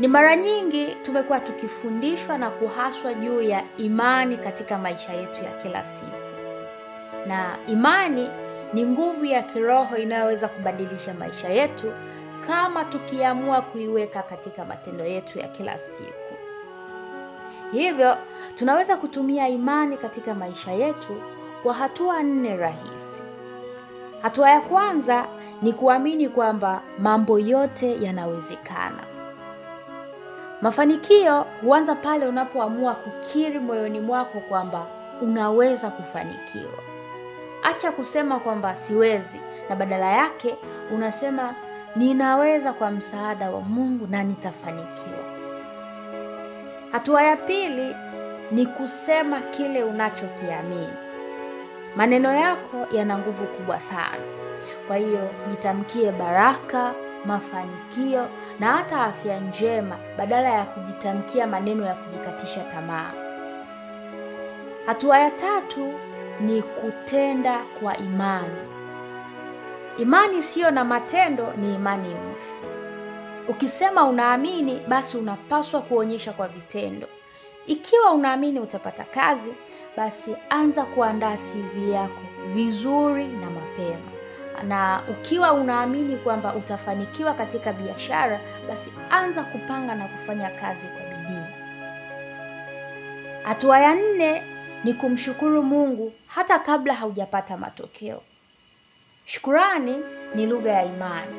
Ni mara nyingi tumekuwa tukifundishwa na kuhaswa juu ya imani katika maisha yetu ya kila siku, na imani ni nguvu ya kiroho inayoweza kubadilisha maisha yetu kama tukiamua kuiweka katika matendo yetu ya kila siku. Hivyo tunaweza kutumia imani katika maisha yetu kwa hatua nne rahisi. Hatua ya kwanza ni kuamini kwamba mambo yote yanawezekana. Mafanikio huanza pale unapoamua kukiri moyoni mwako kwamba unaweza kufanikiwa. Acha kusema kwamba siwezi, na badala yake unasema ninaweza kwa msaada wa Mungu na nitafanikiwa. Hatua ya pili ni kusema kile unachokiamini. Maneno yako yana nguvu kubwa sana, kwa hiyo jitamkie baraka mafanikio na hata afya njema badala ya kujitamkia maneno ya kujikatisha tamaa. Hatua ya tatu ni kutenda kwa imani. Imani isiyo na matendo ni imani mfu. Ukisema unaamini, basi unapaswa kuonyesha kwa vitendo. Ikiwa unaamini utapata kazi, basi anza kuandaa CV yako vizuri na mapema na ukiwa unaamini kwamba utafanikiwa katika biashara, basi anza kupanga na kufanya kazi kwa bidii. Hatua ya nne ni kumshukuru Mungu hata kabla haujapata matokeo. Shukurani ni lugha ya imani.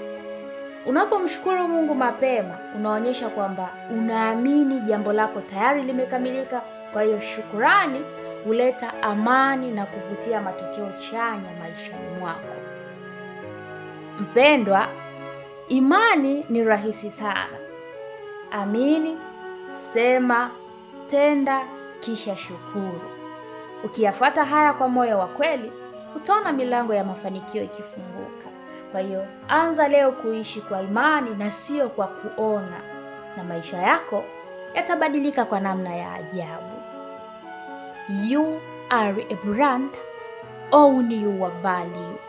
Unapomshukuru Mungu mapema, unaonyesha kwamba unaamini jambo lako tayari limekamilika. Kwa hiyo shukurani huleta amani na kuvutia matokeo chanya maishani mwako. Mpendwa, imani ni rahisi sana. Amini, sema, tenda, kisha shukuru. Ukiyafuata haya kwa moyo wa kweli, utaona milango ya mafanikio ikifunguka. Kwa hiyo anza leo kuishi kwa imani na sio kwa kuona, na maisha yako yatabadilika kwa namna ya ajabu. You are a brand, own your value.